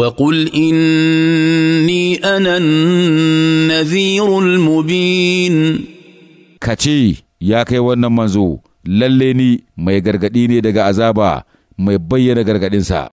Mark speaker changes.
Speaker 1: وقل إني
Speaker 2: أنا النذير
Speaker 1: المبين كتي يا كي ونمنزو للني ما يغرغديني دغا عذابا ما يبين غرغدينسا